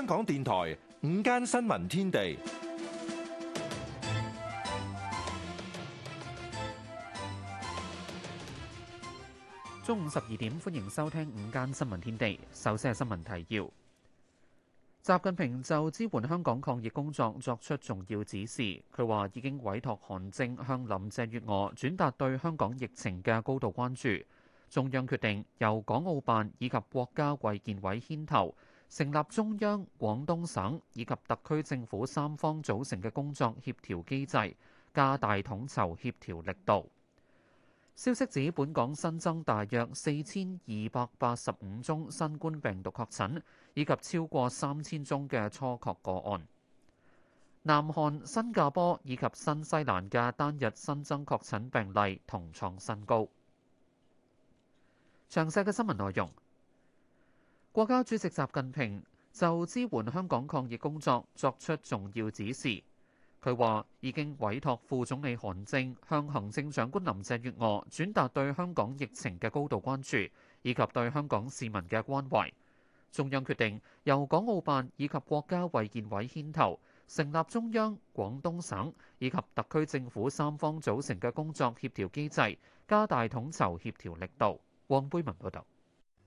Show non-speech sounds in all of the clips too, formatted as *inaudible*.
香港電台午間新聞天地，中午十二點，歡迎收聽午間新聞天地。首先係新聞提要，習近平就支援香港抗疫工作作出重要指示。佢話已經委託韓正向林鄭月娥轉達對香港疫情嘅高度關注。中央決定由港澳辦以及國家衛健委牽頭。成立中央、廣東省以及特區政府三方組成嘅工作協調機制，加大統籌協調力度。消息指，本港新增大約四千二百八十五宗新冠病毒確診以及超過三千宗嘅初確個案。南韓、新加坡以及新西蘭嘅單日新增確診病例同創新高。詳細嘅新聞內容。國家主席習近平就支援香港抗疫工作作出重要指示。佢話已經委託副總理韓正向行政長官林鄭月娥轉達對香港疫情嘅高度關注，以及對香港市民嘅關懷。中央決定由港澳辦以及國家衛健委牽頭，成立中央、廣東省以及特區政府三方組成嘅工作協調機制，加大統籌協調力度。黃貝文報道。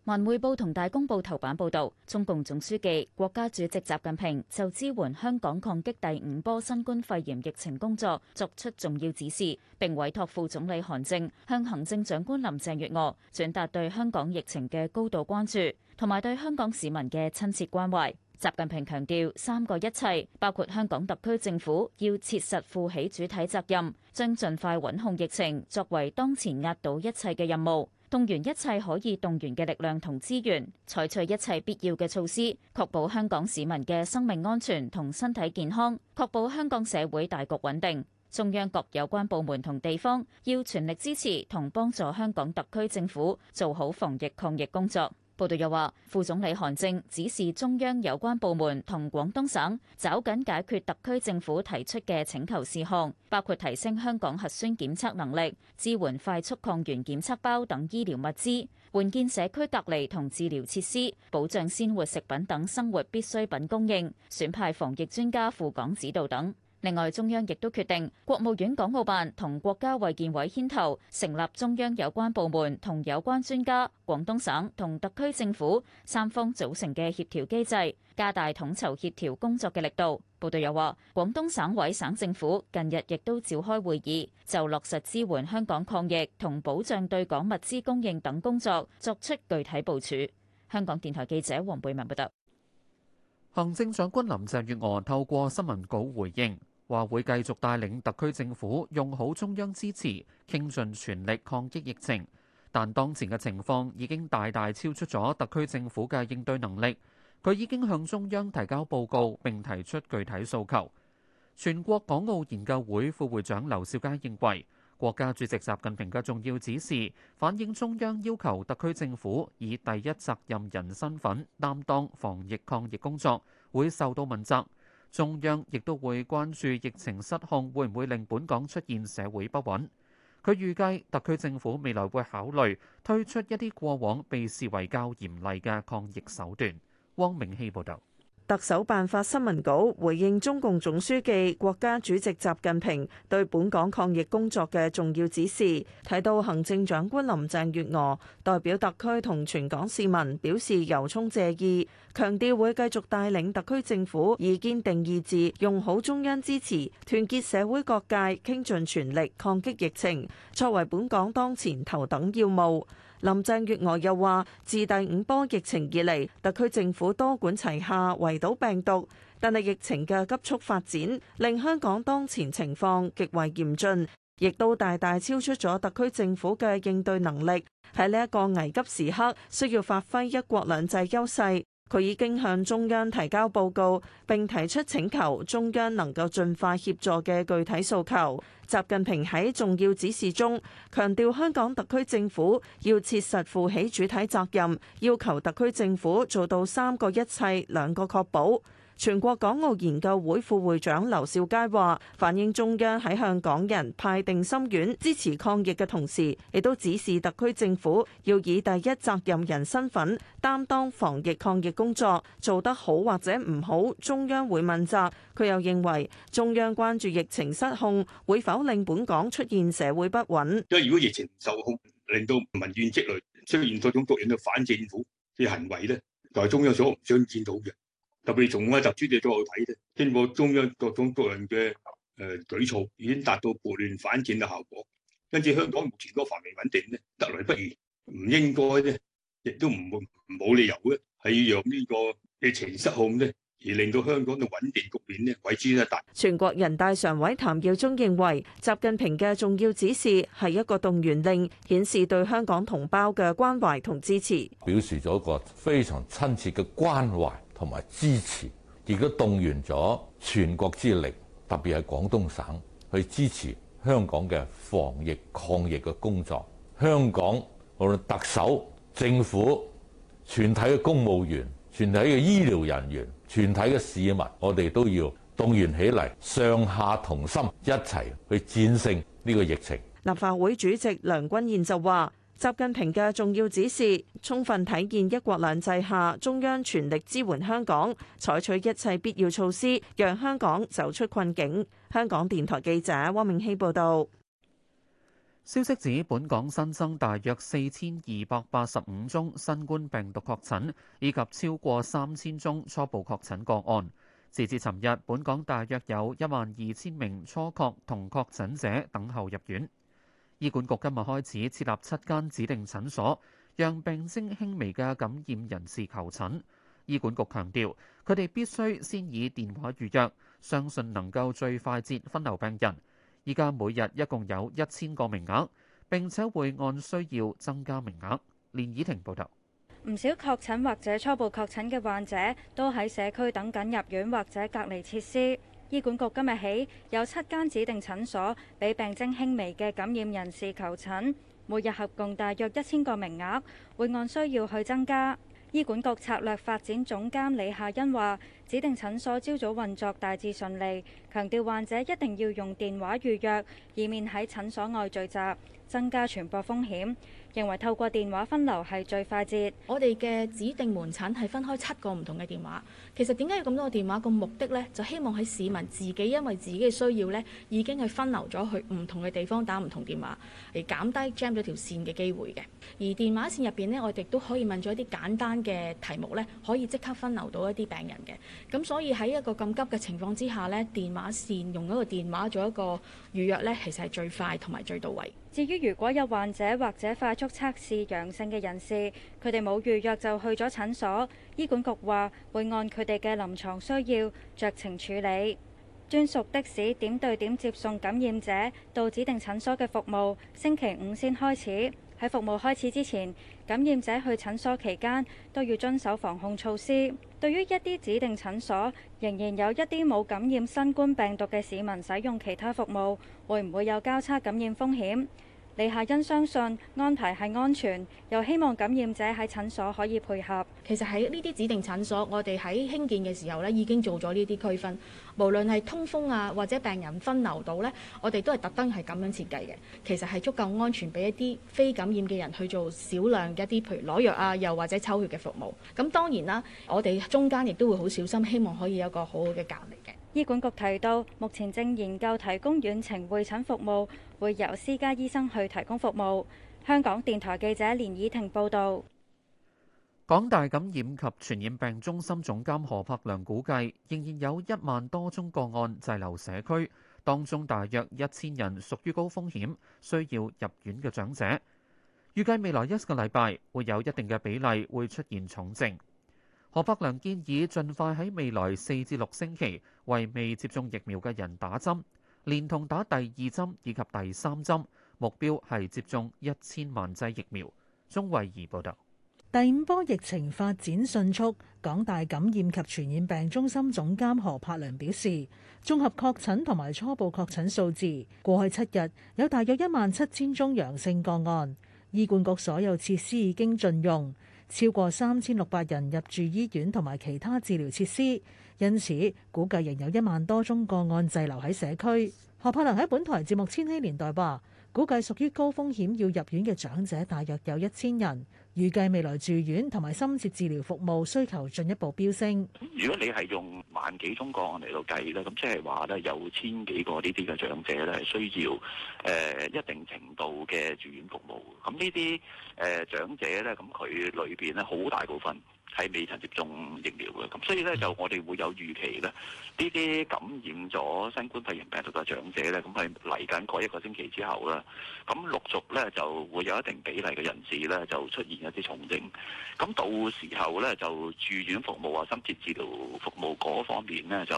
《文匯報》同《大公報》頭版報道，中共總書記、國家主席習近平就支援香港抗擊第五波新冠肺炎疫情工作作出重要指示，並委託副總理韓正向行政長官林鄭月娥轉達對香港疫情嘅高度關注，同埋對香港市民嘅親切關懷。習近平強調三個一切，包括香港特區政府要切實負起主體責任，將盡快穩控疫情作為當前壓倒一切嘅任務。動員一切可以動員嘅力量同資源，採取一切必要嘅措施，確保香港市民嘅生命安全同身體健康，確保香港社會大局穩定。中央各有關部門同地方要全力支持同幫助香港特區政府做好防疫抗疫工作。報道又話，副總理韓正指示中央有關部門同廣東省，抓緊解決特區政府提出嘅請求事項，包括提升香港核酸檢測能力、支援快速抗原檢測包等醫療物資、援建社區隔離同治療設施、保障鮮活食品等生活必需品供應、選派防疫專家赴港指導等。另外，中央亦都決定，國務院港澳辦同國家衛健委牽頭成立中央有關部門同有關專家、廣東省同特區政府三方組成嘅協調機制，加大統籌協調工作嘅力度。報道又話，廣東省委省政府近日亦都召開會議，就落實支援香港抗疫同保障對港物資供應等工作作出具體部署。香港電台記者黃貝文報道。行政長官林鄭月娥透過新聞稿回應。話會繼續帶領特區政府用好中央支持，傾盡全力抗擊疫情。但當前嘅情況已經大大超出咗特區政府嘅應對能力。佢已經向中央提交報告並提出具體訴求。全國港澳研究會副會長劉兆佳認為，國家主席習近平嘅重要指示反映中央要求特區政府以第一責任人身份擔當防疫抗疫工作，會受到問責。中央亦都會關注疫情失控會唔會令本港出現社會不穩。佢預計特區政府未來會考慮推出一啲過往被視為較嚴厲嘅抗疫手段。汪明希報導。特首辦發新聞稿回應中共總書記、國家主席習近平對本港抗疫工作嘅重要指示，提到行政長官林鄭月娥代表特區同全港市民表示由衷謝意，強調會繼續帶領特區政府以堅定意志、用好中央支持，團結社會各界，傾盡全力抗擊疫情，作為本港當前頭等要務。林鄭月娥又話：自第五波疫情以嚟，特區政府多管齊下圍堵病毒，但係疫情嘅急速發展令香港當前情況極為嚴峻，亦都大大超出咗特區政府嘅應對能力。喺呢一個危急時刻，需要發揮一國兩制優勢。佢已經向中央提交報告，並提出請求中央能夠盡快協助嘅具體訴求。習近平喺重要指示中強調，香港特區政府要切實負起主體責任，要求特區政府做到三個一切、兩個確保。全國港澳研究會副會長劉兆佳話：反映中央喺向港人派定心丸、支持抗疫嘅同時，亦都指示特區政府要以第一責任人身份擔當，防疫抗疫工作做得好或者唔好，中央會問責。佢又認為中央關注疫情失控會否令本港出現社會不穩。因為如果疫情受控，令到民怨積累，出現各種各樣嘅反政府嘅行為呢就係中央所唔想見到嘅。特別從習主席嘅角度睇咧，經過中央各種各樣嘅誒舉措，已經達到撥亂反正嘅效果，因此香港目前嘅繁榮穩定咧得來不易，唔應該咧亦都唔會冇理由咧係讓呢個疫情失控咧而令到香港嘅穩定局面咧毀於一旦。全國人大常委譚耀宗認為習近平嘅重要指示係一個動員令，顯示對香港同胞嘅關懷同支持，示示支持表示咗一個非常親切嘅關懷，同埋支持，亦都動員咗全國之力，特別係廣東省去支持香港嘅防疫抗疫嘅工作。香港無論特首、政府、全體嘅公務員、全體嘅醫療人員、全體嘅市民，我哋都要動員起嚟，上下同心，一齊去戰勝呢個疫情。立法會主席梁君彥就話。習近平嘅重要指示，充分體現一國兩制下中央全力支援香港，採取一切必要措施，讓香港走出困境。香港電台記者汪明希報道。消息指，本港新增大約四千二百八十五宗新冠病毒確診，以及超過三千宗初步確診個案。截至尋日，本港大約有一萬二千名初確同確診者等候入院。醫管局今日開始設立七間指定診所，讓病徵輕微嘅感染人士求診。醫管局強調，佢哋必須先以電話預約，相信能夠最快捷分流病人。依家每日一共有一千個名額，並且會按需要增加名額。連怡婷報導，唔少確診或者初步確診嘅患者都喺社區等緊入院或者隔離設施。醫管局今日起有七間指定診所俾病徵輕微嘅感染人士求診，每日合共大約一千個名額，會按需要去增加。醫管局策略發展總監李夏欣話，指定診所朝早運作大致順利，強調患者一定要用電話預約，以免喺診所外聚集，增加傳播風險。認為透過電話分流係最快捷。我哋嘅指定門診係分開七個唔同嘅電話。其實點解要咁多個電話？個目的呢，就希望喺市民自己因為自己嘅需要呢，已經係分流咗去唔同嘅地方打唔同電話，嚟減低 jam 咗條線嘅機會嘅。而電話線入邊呢，我哋都可以問咗一啲簡單嘅題目呢，可以即刻分流到一啲病人嘅。咁所以喺一個咁急嘅情況之下呢，電話線用一個電話做一個預約呢，其實係最快同埋最到位。至於如果有患者或者快速測試陽性嘅人士，佢哋冇預約就去咗診所，醫管局話會按佢哋嘅臨床需要酌情處理。專屬的士點對點接送感染者到指定診所嘅服務，星期五先開始。喺服務開始之前，感染者去診所期間都要遵守防控措施。對於一啲指定診所，仍然有一啲冇感染新冠病毒嘅市民使用其他服務，會唔會有交叉感染風險？李夏欣相信安排係安全，又希望感染者喺診所可以配合。其實喺呢啲指定診所，我哋喺興建嘅時候咧已經做咗呢啲區分，無論係通風啊或者病人分流到咧，我哋都係特登係咁樣設計嘅。其實係足夠安全俾一啲非感染嘅人去做少量嘅一啲，譬如攞藥啊，又或者抽血嘅服務，咁當然啦，我哋中間亦都會好小心，希望可以有個好好嘅隔離嘅。醫管局提到，目前正研究提供遠程會診服務，會由私家醫生去提供服務。香港電台記者連以婷報導。港大感染及傳染病中心總監何柏良估計，仍然有一萬多宗個案滯留社區，當中大約一千人屬於高風險，需要入院嘅長者。預計未來一個禮拜會有一定嘅比例會出現重症。何柏良建議盡快喺未來四至六星期為未接種疫苗嘅人打針，連同打第二針以及第三針，目標係接種一千萬劑疫苗。鍾慧儀報道。第五波疫情發展迅速，港大感染及傳染病中心總監何柏良表示，綜合確診同埋初步確診數字，過去七日有大約一萬七千宗陽性個案，醫管局所有設施已經盡用。超過三千六百人入住醫院同埋其他治療設施，因此估計仍有一萬多宗個案滯留喺社區。何柏良喺本台節目《千禧年代》吧。估計屬於高風險要入院嘅長者大約有一千人，預計未來住院同埋深切治療服務需求進一步飆升。如果你係用萬幾宗個案嚟到計咧，咁即係話咧有千幾個呢啲嘅長者咧，係需要誒一定程度嘅住院服務。咁呢啲誒長者咧，咁佢裏邊咧好大部分，喺未曾接種疫苗嘅，咁所以咧就我哋會有預期咧，呢啲感染咗新冠肺炎病毒嘅長者咧，咁係嚟緊嗰一個星期之後咧，咁陸續咧就會有一定比例嘅人士咧就出現一啲重症，咁到時候咧就住院服務啊、深切治療服務嗰方面咧，就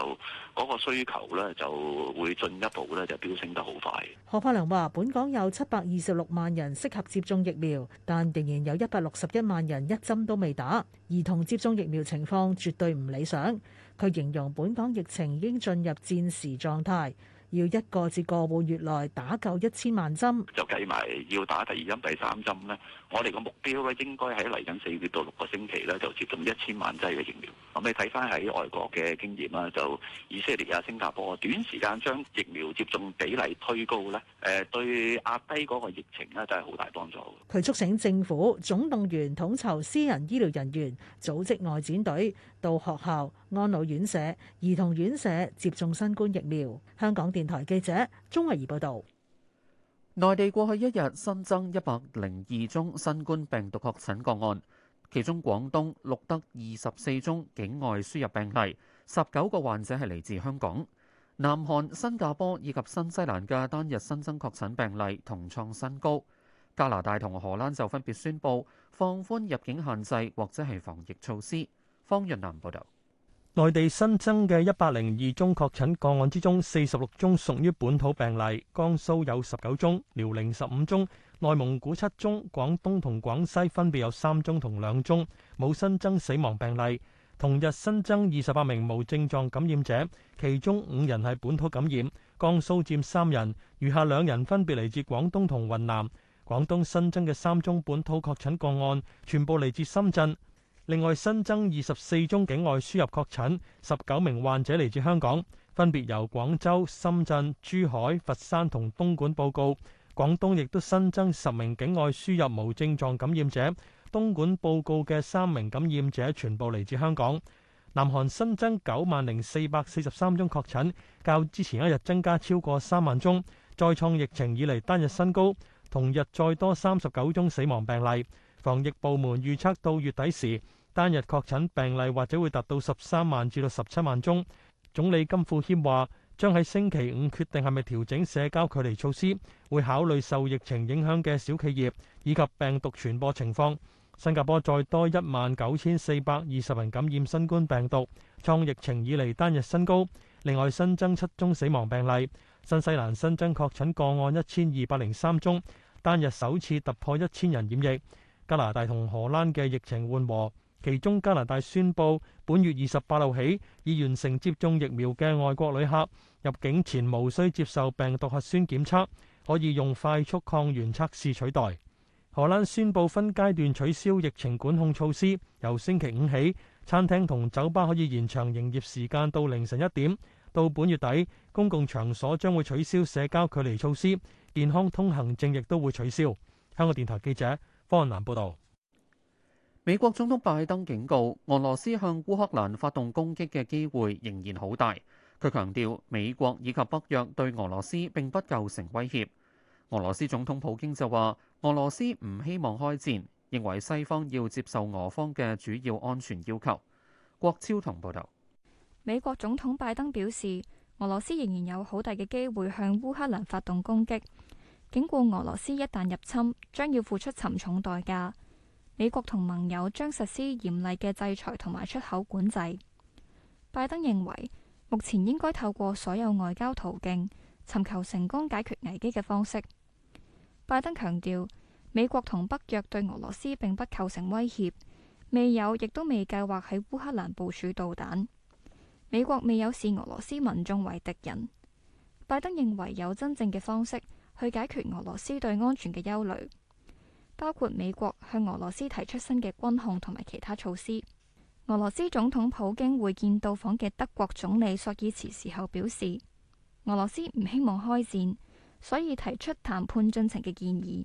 嗰個需求咧就會進一步咧就飆升得好快。何柏良話，本港有七百二十六萬人適合接種疫苗，但仍然有一百六十一萬人一針都未打。兒童接種疫苗情況絕對唔理想，佢形容本港疫情已經進入戰時狀態。要一個至個半月內打夠一千萬針，就計埋要打第二針、第三針呢。我哋個目標咧，應該喺嚟緊四月到六個星期咧，就接種一千萬劑嘅疫苗。咁你睇翻喺外國嘅經驗啦，就以色列啊、新加坡，短時間將疫苗接種比例推高咧，誒，對壓低嗰個疫情呢，就係好大幫助。佢促請政府總動員統籌私人醫療人員，組織外展隊，到學校、安老院舍、兒童院舍接種新冠疫苗。香港電台記者鍾慧儀報導，內地過去一日新增一百零二宗新冠病毒確診個案，其中廣東錄得二十四宗境外輸入病例，十九個患者係嚟自香港。南韓、新加坡以及新西蘭嘅單日新增確診病例同創新高。加拿大同荷蘭就分別宣布放寬入境限制或者係防疫措施。方日南報道，內地新增嘅一百零二宗確診個案之中，四十六宗屬於本土病例，江蘇有十九宗，遼寧十五宗，內蒙古七宗，廣東同廣西分別有三宗同兩宗，冇新增死亡病例。同日新增二十八名無症狀感染者，其中五人係本土感染，江蘇佔三人，餘下兩人分別嚟自廣東同雲南。廣東新增嘅三宗本土確診個案，全部嚟自深圳。另外新增二十四宗境外輸入確診，十九名患者嚟自香港，分別由廣州、深圳、珠海、佛山同東莞報告。廣東亦都新增十名境外輸入無症狀感染者，東莞報告嘅三名感染者全部嚟自香港。南韓新增九萬零四百四十三宗確診，較之前一日增加超過三萬宗，再創疫情以嚟單日新高。同日再多三十九宗死亡病例。防疫部門預測到月底時，單日確診病例或者會達到十三萬至到十七萬宗。總理金富謙話，將喺星期五決定係咪調整社交距離措施，會考慮受疫情影響嘅小企業以及病毒傳播情況。新加坡再多一萬九千四百二十人感染新冠病毒，創疫情以嚟單日新高。另外新增七宗死亡病例。新西蘭新增確診個案一千二百零三宗，單日首次突破一千人染疫。加拿大同荷蘭嘅疫情緩和。其中加拿大宣佈本月二十八號起，已完成接種疫苗嘅外國旅客入境前無需接受病毒核酸檢測，可以用快速抗原測試取代。荷蘭宣佈分階段取消疫情管控措施，由星期五起，餐廳同酒吧可以延長營業時間到凌晨一點。到本月底，公共場所將會取消社交距離措施，健康通行證亦都會取消。香港電台記者方漢南報道。美國總統拜登警告俄羅斯向烏克蘭發動攻擊嘅機會仍然好大。佢強調，美國以及北約對俄羅斯並不構成威脅。俄羅斯總統普京就話，俄羅斯唔希望開戰，認為西方要接受俄方嘅主要安全要求。郭超同報道。美國總統拜登表示，俄羅斯仍然有好大嘅機會向烏克蘭發動攻擊，警告俄羅斯一旦入侵，將要付出沉重代價。美國同盟友將實施嚴厲嘅制裁同埋出口管制。拜登認為，目前應該透過所有外交途徑，尋求成功解決危機嘅方式。拜登強調，美國同北約對俄羅斯並不構成威脅，未有亦都未計劃喺烏克蘭部署導彈。美國未有視俄羅斯民眾為敵人。拜登認為有真正嘅方式去解決俄羅斯對安全嘅憂慮。包括美國向俄羅斯提出新嘅軍控同埋其他措施。俄羅斯總統普京會見到訪嘅德國總理朔爾茨時候表示，俄羅斯唔希望開戰，所以提出談判進程嘅建議，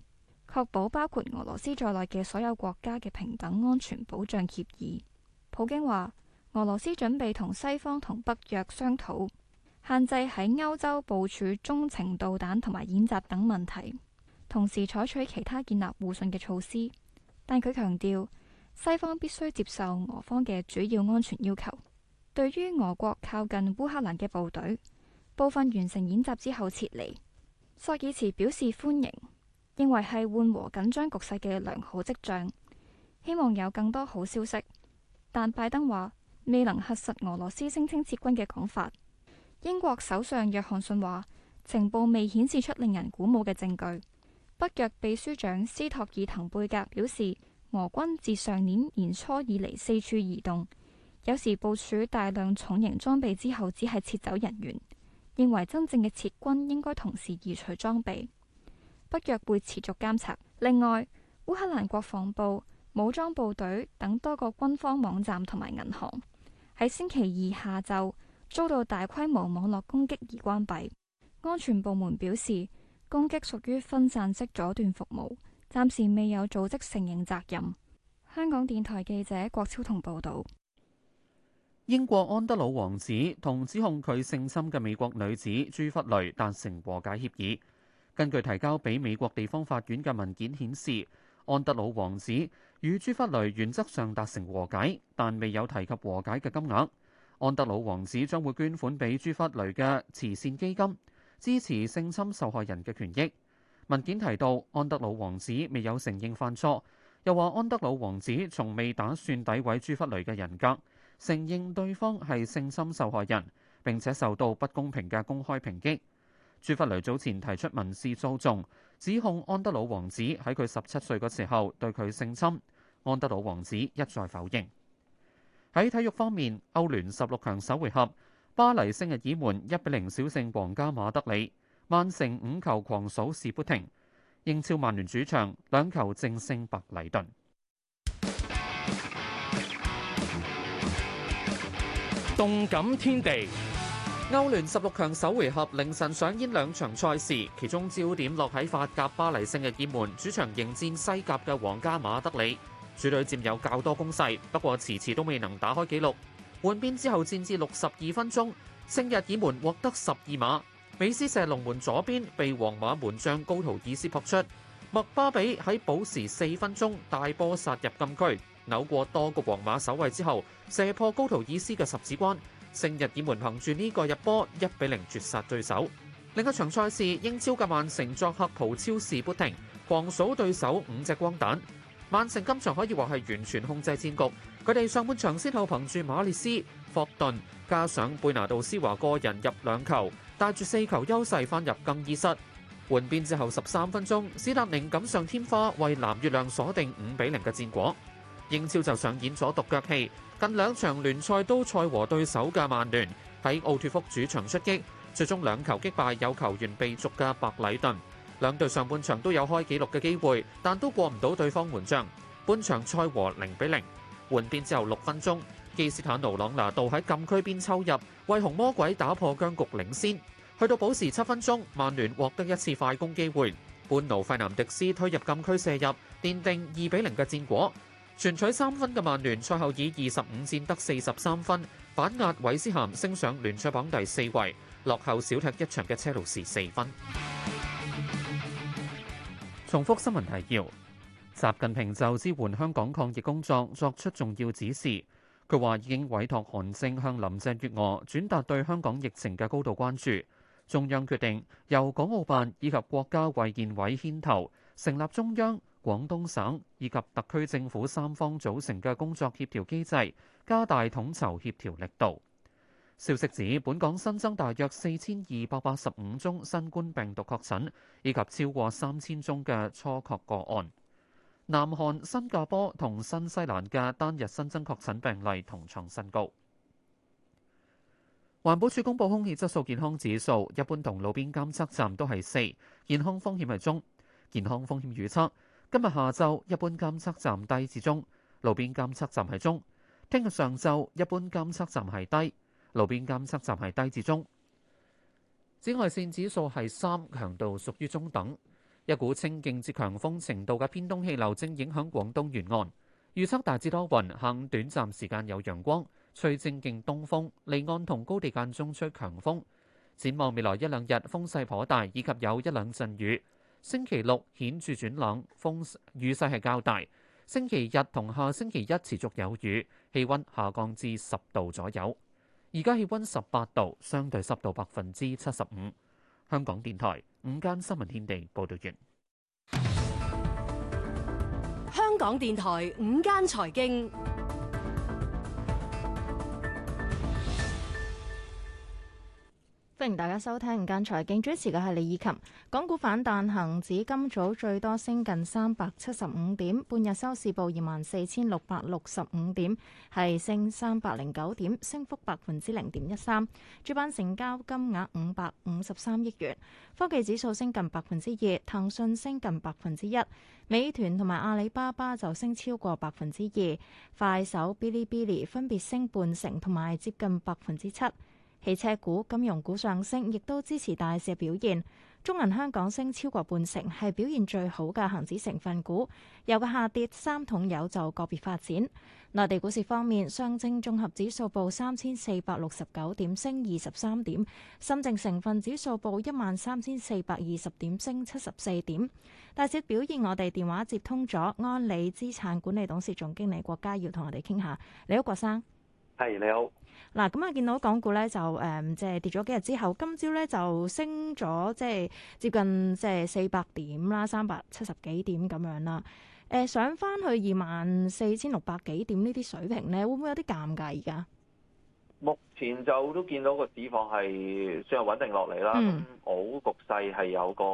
確保包括俄羅斯在內嘅所有國家嘅平等安全保障協議。普京話，俄羅斯準備同西方同北約商討限制喺歐洲部署中程導彈同埋演習等問題。同時，採取其他建立互信嘅措施，但佢強調西方必須接受俄方嘅主要安全要求。對於俄國靠近烏克蘭嘅部隊部分完成演習之後撤離，索爾茨表示歡迎，認為係緩和緊張局勢嘅良好跡象。希望有更多好消息，但拜登話未能核實俄羅斯聲稱撤軍嘅講法。英國首相約翰遜話，情報未顯示出令人鼓舞嘅證據。北約秘書長斯托爾滕貝格表示，俄軍自上年年初以嚟四處移動，有時部署大量重型裝備之後只係撤走人員，認為真正嘅撤軍應該同時移除裝備。北約會持續監察。另外，烏克蘭國防部、武裝部隊等多個軍方網站同埋銀行喺星期二下晝遭到大規模網絡攻擊而關閉，安全部門表示。攻擊屬於分散式阻斷服務，暫時未有組織承認責任。香港電台記者郭超同報道。英國安德魯王子同指控佢性侵嘅美國女子朱弗雷達成和解協議。根據提交俾美國地方法院嘅文件顯示，安德魯王子與朱弗雷原則上達成和解，但未有提及和解嘅金額。安德魯王子將會捐款俾朱弗雷嘅慈善基金，支持性侵受害人嘅權益。文件提到，安德魯王子未有承認犯錯，又話安德魯王子從未打算詆毀朱弗雷嘅人格，承認對方係性侵受害人，並且受到不公平嘅公開抨擊。朱弗雷早前提出民事訴訟，指控安德魯王子喺佢十七歲嗰時候對佢性侵。安德魯王子一再否認。喺體育方面，歐聯十六強首回合，巴黎聖日耳門一比零小勝皇家馬德里，曼城五球狂掃士砵亭，英超曼聯主場兩球淨勝白禮頓。動感天地，歐聯十六強首回合凌晨上演兩場賽事，其中焦點落喺法甲巴黎聖日耳門主場迎戰西甲嘅皇家馬德里，主隊佔有較多攻勢，不過遲遲都未能打開紀錄。換邊之後戰至六十二分鐘，聖日耳門獲得十二碼，美斯射龍門左邊，被皇馬門將高圖爾斯撲出。麥巴比喺補時四分鐘大波殺入禁區，扭過多個皇馬守衞之後，射破高圖爾斯嘅十指關，聖日耳門憑住呢個入波一比零絕殺對手。另一場賽事，英超嘅曼城作客葡超士砵亭，狂掃對手五隻光蛋。曼城今場可以話係完全控制戰局。佢哋上半場先後憑住馬列斯、霍頓，加上貝拿道斯華個人入兩球，帶住四球優勢翻入更衣室。換邊之後十三分鐘，史達寧錦上添花，為藍月亮鎖定五比零嘅戰果。英超就上演咗獨腳戲，近兩場聯賽都賽和對手嘅曼聯，喺奧脫福主場出擊，最終兩球擊敗有球員被逐嘅白禮頓。兩隊上半場都有開紀錄嘅機會，但都過唔到對方門將。半場賽和零比零。換邊之後六分鐘，基斯坦奴朗拿度喺禁區邊抽入，為紅魔鬼打破僵局領先。去到補時七分鐘，曼聯獲得一次快攻機會，賓奴費南迪斯推入禁區射入，奠定二比零嘅戰果。全取三分嘅曼聯賽後以二十五戰得四十三分，反壓韋斯咸升上聯賽榜第四位，落後少踢一場嘅車路士四分。重複新聞提要。習近平就支援香港抗疫工作作出重要指示。佢話已經委託韓正向林鄭月娥轉達對香港疫情嘅高度關注。中央決定由港澳辦以及國家衛健委牽頭成立中央、廣東省以及特區政府三方組成嘅工作協調機制，加大統籌協調力度。消息指，本港新增大約四千二百八十五宗新冠病毒確診，以及超過三千宗嘅初確個案。南韓、新加坡同新西蘭嘅單日新增確診病例同創新高。環保署公布空氣質素健康指數，一般同路邊監測站都係四，健康風險係中。健康風險預測：今日下晝一般監測站低至中，路邊監測站係中；聽日上晝一般監測站係低，路邊監測站係低至中。紫外線指數係三，強度屬於中等。一股清勁至強風程度嘅偏東氣流正影響廣東沿岸，預測大致多雲，下午短暫時間有陽光，吹正勁東風，離岸同高地間中吹強風。展望未來一兩日風勢頗大，以及有一兩陣雨。星期六顯著轉冷，風雨勢係較大。星期日同下星期一持續有雨，氣温下降至十度左右。而家氣温十八度，相對濕度百分之七十五。香港電台。午間新聞天地報道完。香港電台午間財經。歡迎大家收聽《午間財經》，主持嘅係李以琴。港股反彈行，恒指今早最多升近三百七十五點，半日收市報二萬四千六百六十五點，係升三百零九點，升幅百分之零點一三。主板成交金額五百五十三億元。科技指數升近百分之二，騰訊升近百分之一，美團同埋阿里巴巴就升超過百分之二，快手 Bilibili 分別升半成同埋接近百分之七。汽車股、金融股上升，亦都支持大市表現。中銀香港升超過半成，係表現最好嘅恒指成分股。有個下跌三桶油就個別發展。內地股市方面，上證綜合指數報三千四百六十九點，升二十三點；深證成分指數報一萬三千四百二十點，升七十四點。大市表現，我哋電話接通咗安理資產管理董事總經理郭嘉耀，要同我哋傾下。國 hey, 你好，郭生。係你好。嗱，咁啊，見到港股咧就誒，即、呃、係跌咗幾日之後，今朝咧就升咗，即係接近即係四百點啦，三百七十幾點咁樣啦。誒、呃，上返去二萬四千六百幾點呢啲水平咧，會唔會有啲尷尬？而家目前就都見到個市況係算係穩定落嚟啦。咁好、嗯、局勢係有個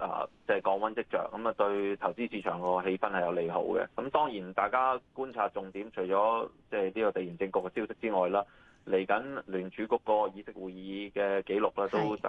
啊，呃就是、溫即係降溫跡象。咁啊，對投資市場個氣氛係有利好嘅。咁當然大家觀察重點，除咗即係呢個地緣政局嘅消息之外啦。嚟緊聯儲局個議息會議嘅記錄咧，是都誒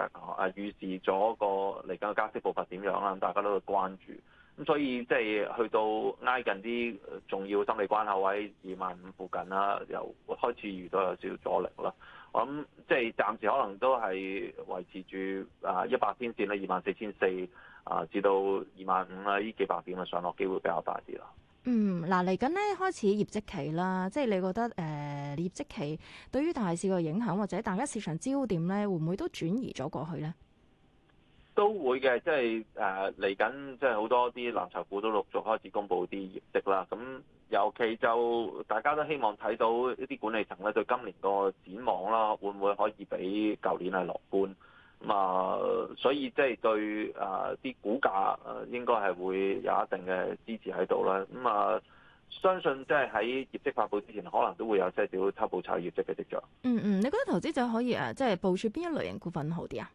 預示咗個嚟緊嘅加息步伐點樣啦，大家都會關注。咁所以即係去到挨近啲重要心理關口位二萬五附近啦，又開始遇到有少少阻力啦。我諗即係暫時可能都係維持住啊一百天線咧，二萬四千四啊，至到二萬五啊呢幾百點嘅上落機會比較大啲啦。嗯，嗱、啊，嚟緊咧開始業績期啦，即係你覺得誒、呃、業績期對於大市個影響，或者大家市場焦點咧，會唔會都轉移咗過去咧？都會嘅，即係誒嚟緊，即係好多啲藍籌股都陸續開始公布啲業績啦。咁尤其就大家都希望睇到一啲管理層咧對今年個展望啦，會唔會可以比舊年係樂觀？啊，所以即係對啊啲股價，誒，應該係會有一定嘅支持喺度啦。咁啊，相信即係喺業績發布之前，可能都會有少少偷步炒業績嘅跡象。嗯嗯，你覺得投資者可以誒，即係部署邊一類型股份好啲啊？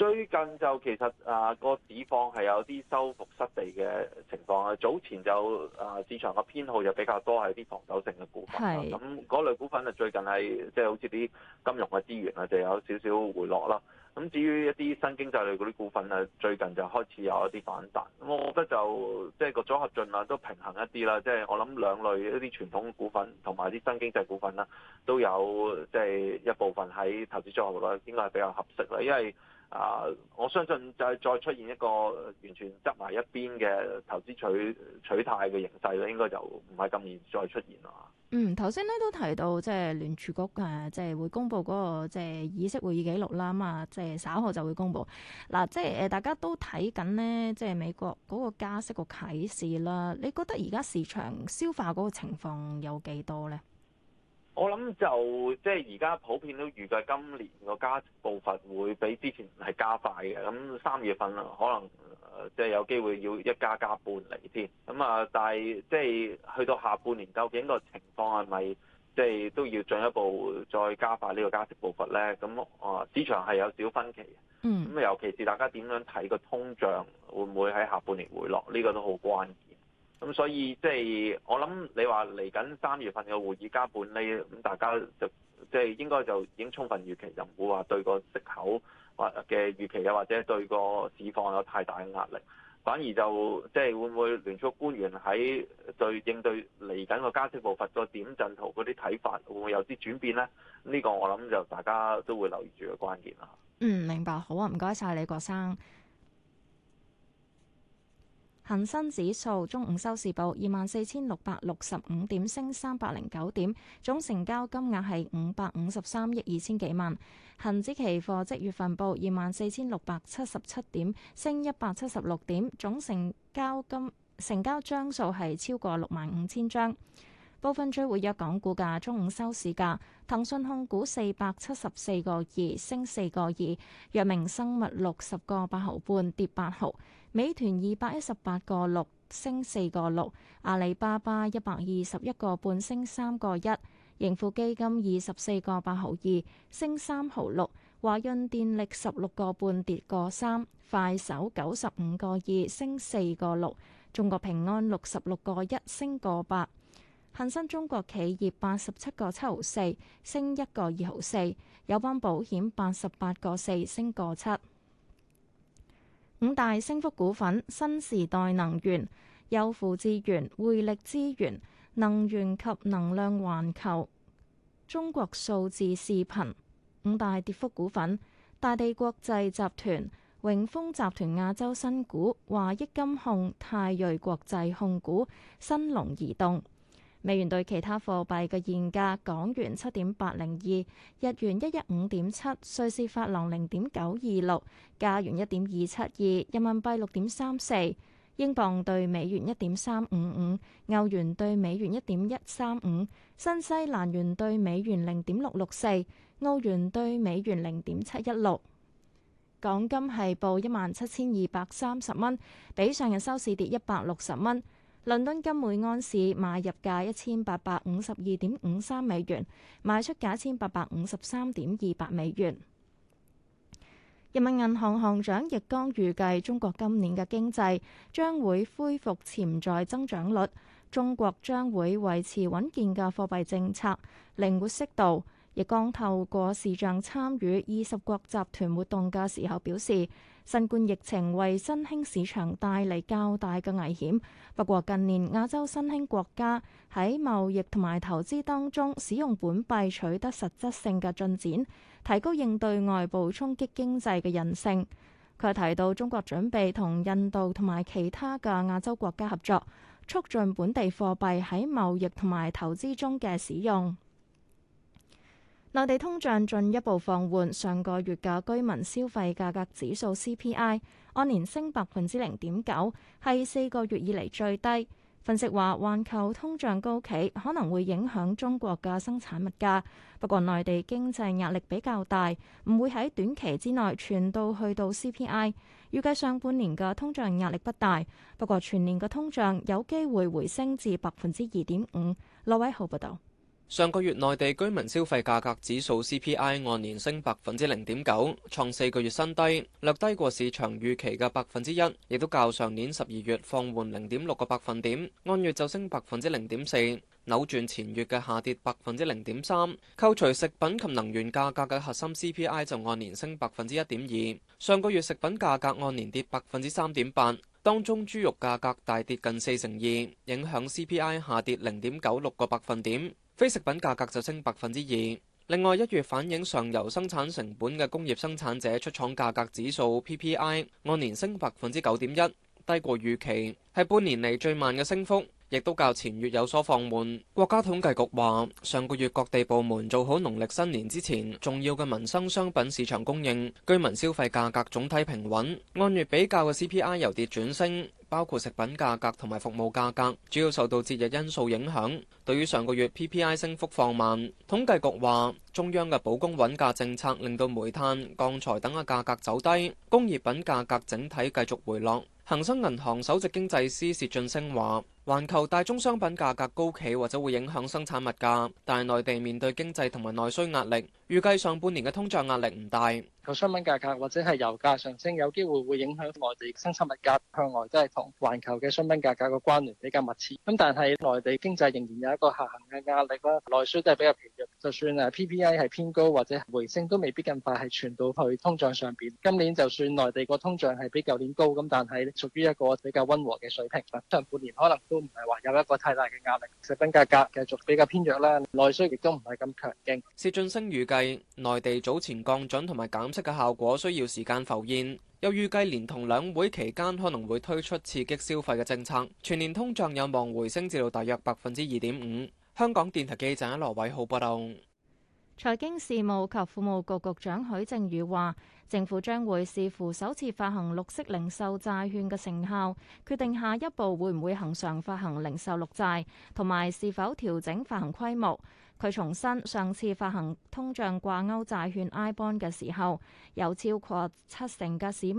最近就其實啊個市況係有啲收復失地嘅情況啊，早前就啊市場嘅偏好就比較多係啲防守性嘅股份，咁嗰是類股份啊，最近係即係好似啲金融嘅資源啊，就有少少回落啦。咁至於一啲新經濟類嗰啲股份啊，最近就開始有一啲反彈。咁我覺得就即係個組合盡量都平衡一啲啦。即係我諗兩類一啲傳統嘅股份同埋啲新經濟股份啦，都有即係一部分喺投資組合度啦，應該係比較合適啦，因為，啊！Uh, 我相信就係再出現一個完全側埋一邊嘅投資取取態嘅形勢咧，應該就唔係咁易再出現啦。嗯，頭先咧都提到即係、就是、聯儲局誒，即、就、係、是、會公布嗰、那個即係、就是、議息會議紀錄啦嘛，即、就、係、是、稍後就會公布。嗱、啊，即係誒大家都睇緊咧，即、就、係、是、美國嗰個加息個啟示啦。你覺得而家市場消化嗰個情況有幾多咧？我諗就即係而家普遍都預計今年個加息步伐會比之前係加快嘅，咁三月份啦，可能即係有機會要一加加半嚟添。咁啊，但係即係去到下半年，究竟個情況係咪即係都要進一步再加快呢個加息步伐咧？咁啊，市場係有少分歧嘅。嗯。咁尤其是大家點樣睇個通脹，會唔會喺下半年回落？呢個都好關鍵。咁、嗯、所以即係、就是、我諗你話嚟緊三月份嘅會議加半呢？咁大家就即係、就是、應該就已經充分預期，就唔會話對個息口或嘅預期啊，或者對個市況有太大嘅壓力。反而就即係、就是、會唔會聯儲官員喺對應對嚟緊個加息步伐再點陣圖嗰啲睇法，會唔會有啲轉變咧？呢、這個我諗就大家都會留意住個關鍵啦。嗯，明白。好啊，唔該晒，李國生。恒生指數中午收市報二萬四千六百六十五點，升三百零九點，總成交金額係五百五十三億二千幾萬。恒指期貨即月份報二萬四千六百七十七點，升一百七十六點，總成交金成交張數係超過六萬五千張。部分最活躍港股價中午收市價，騰訊控股四百七十四個二，升四個二；藥明生物六十個八毫半，跌八毫。美團二百一十八個六升四個六，阿里巴巴一百二十一個半升三個一，盈富基金二十四個八毫二升三毫六，華潤電力十六個半跌個三，快手九十五個二升四個六，中國平安六十六個一升個八，恒生中國企業八十七個七毫四升一個二毫四，友邦保險八十八個四升個七。五大升幅股份：新時代能源、優富資源、匯力資源、能源及能量環球、中國數字視頻。五大跌幅股份：大地國際集團、榮豐集團、亞洲新股、華億金控、泰瑞國際控股、新龍移動。美元兌其他貨幣嘅現價：港元七點八零二，日元一一五點七，瑞士法郎零點九二六，加元一點二七二，人民幣六點三四，英鎊對美元一點三五五，歐元對美元一點一三五，新西蘭元對美元零點六六四，澳元對美元零點七一六。港金係報一萬七千二百三十蚊，比上日收市跌一百六十蚊。倫敦金每安士買入價一千八百五十二點五三美元，賣出價一千八百五十三點二八美元。人民銀行行長易綱預計，中國今年嘅經濟將會恢復潛在增長率，中國將會維持穩健嘅貨幣政策，靈活適度。亦剛透過視像參與二十國集團活動嘅時候，表示新冠疫情為新興市場帶嚟較大嘅危險。不過近年亞洲新興國家喺貿易同埋投資當中使用本幣取得實質性嘅進展，提高應對外部衝擊經濟嘅韌性。佢提到中國準備同印度同埋其他嘅亞洲國家合作，促進本地貨幣喺貿易同埋投資中嘅使用。內地通脹進一步放緩，上個月嘅居民消費價格指數 CPI 按年升百分之零點九，係四個月以嚟最低。分析話，環球通脹高企可能會影響中國嘅生產物價，不過內地經濟壓力比較大，唔會喺短期之內傳到去到 CPI。預計上半年嘅通脹壓力不大，不過全年嘅通脹有機會回升至百分之二點五。羅偉浩報導。上個月內地居民消費價格指數 CPI 按年升百分之零點九，創四個月新低，略低過市場預期嘅百分之一，亦都較上年十二月放緩零點六個百分點，按月就升百分之零點四，扭轉前月嘅下跌百分之零點三。扣除食品及能源價格嘅核心 CPI 就按年升百分之一點二。上個月食品價格按年跌百分之三點八，當中豬肉價格大跌近四成二，影響 CPI 下跌零點九六個百分點。非食品價格就升百分之二。另外，一月反映上游生產成本嘅工業生產者出廠價格指數 PPI 按年升百分之九點一，低過預期，係半年嚟最慢嘅升幅，亦都較前月有所放緩。國家統計局話，上個月各地部門做好農曆新年之前重要嘅民生商品市場供應，居民消費價格總體平穩，按月比較嘅 CPI 由跌轉升。包括食品價格同埋服務價格，主要受到節日因素影響。對於上個月 PPI 升幅放慢，統計局話中央嘅保供穩價政策令到煤炭、鋼材等嘅價格走低，工業品價格整體繼續回落。恒生銀行首席經濟師薛俊升話。環球大宗商品價格高企或者會影響生產物價，但係內地面對經濟同埋內需壓力，預計上半年嘅通脹壓力唔大。個商品價格或者係油價上升，有機會會影響內地生產物價，向來都係同環球嘅商品價格嘅關聯比較密切。咁但係內地經濟仍然有一個下行嘅壓力啦，內需都係比較疲弱。就算啊 PPI 係偏高或者回升，都未必咁快係傳到去通脹上面。今年就算內地個通脹係比舊年高咁，但係屬於一個比較溫和嘅水平。上半年可能。都唔係話有一個太大嘅壓力，食品價格繼續比較偏弱啦，內需亦都唔係咁強勁。薛俊 *noise* 升預計，內地早前降準同埋減息嘅效果需要時間浮現，又預計連同兩會期間可能會推出刺激消費嘅政策，全年通脹有望回升至到大約百分之二點五。香港電台記者羅偉浩報道。財經事務及庫務局局長許正宇話，政府將會視乎首次發行綠色零售債券嘅成效，決定下一步會唔會恒常發行零售綠債，同埋是否調整發行規模。佢重申，上次發行通脹掛鈎債券 iBond 嘅時候，有超過七成嘅市民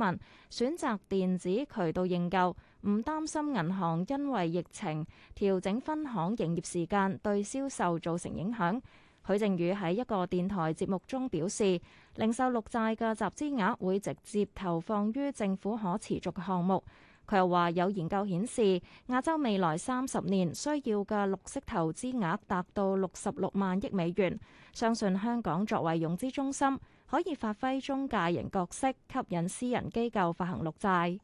選擇電子渠道認購，唔擔心銀行因爲疫情調整分行營業時間對銷售造成影響。許正宇喺一個電台節目中表示，零售綠債嘅集資額會直接投放於政府可持續嘅項目。佢又話有研究顯示，亞洲未來三十年需要嘅綠色投資額達到六十六萬億美元，相信香港作為融資中心，可以發揮中介型角色，吸引私人機構發行綠債。